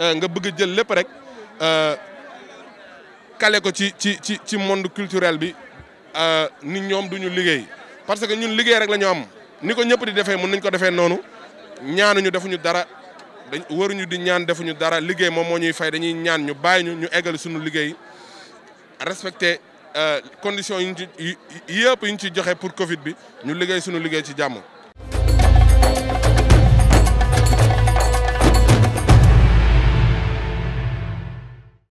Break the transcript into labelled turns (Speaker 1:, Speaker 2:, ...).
Speaker 1: Euh, nga bëgg jël lépp rek kale euh, ko ci ci ci ci monde culturel bi euh, nit ñoom duñu liggéey parce que ñun liggéey rek la am ni ko ñëpp di defee mun nañ ko defee noonu ñaanuñu defuñu dara dañ waruñu di ñaan defuñu dara liggéey moom moo ñuy fay dañuy ñaan ñu bàyyi ñu ñu eggal suñu liggéey respecté conditions yi ñu ci yëpp yu ñu ci joxe pour Covid bi ñu liggéey suñu liggéey ci jàmm.